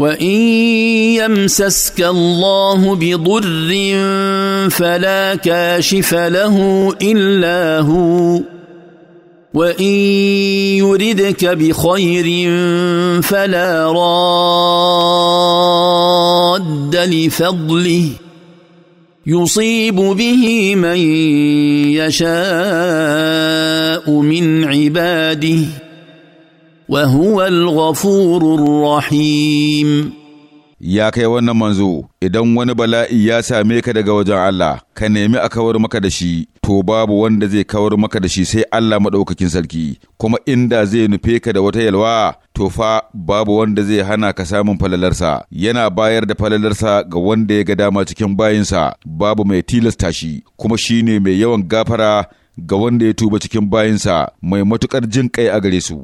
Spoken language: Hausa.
وان يمسسك الله بضر فلا كاشف له الا هو وان يردك بخير فلا راد لفضله يصيب به من يشاء من عباده وهو الغفور الرحيم ya kai wannan manzo idan wani bala'i ya same ka daga wajen Allah ka nemi a kawar maka da shi to babu wanda zai kawar maka da shi sai Allah maɗaukakin sarki kuma inda zai nufe ka da wata yalwa to fa babu wanda zai hana ka samun falalarsa yana bayar da falalarsa ga wanda ya ga dama cikin bayinsa babu mai tilasta shi kuma shine mai yawan gafara ga wanda ya tuba cikin bayinsa mai matukar jin kai a gare su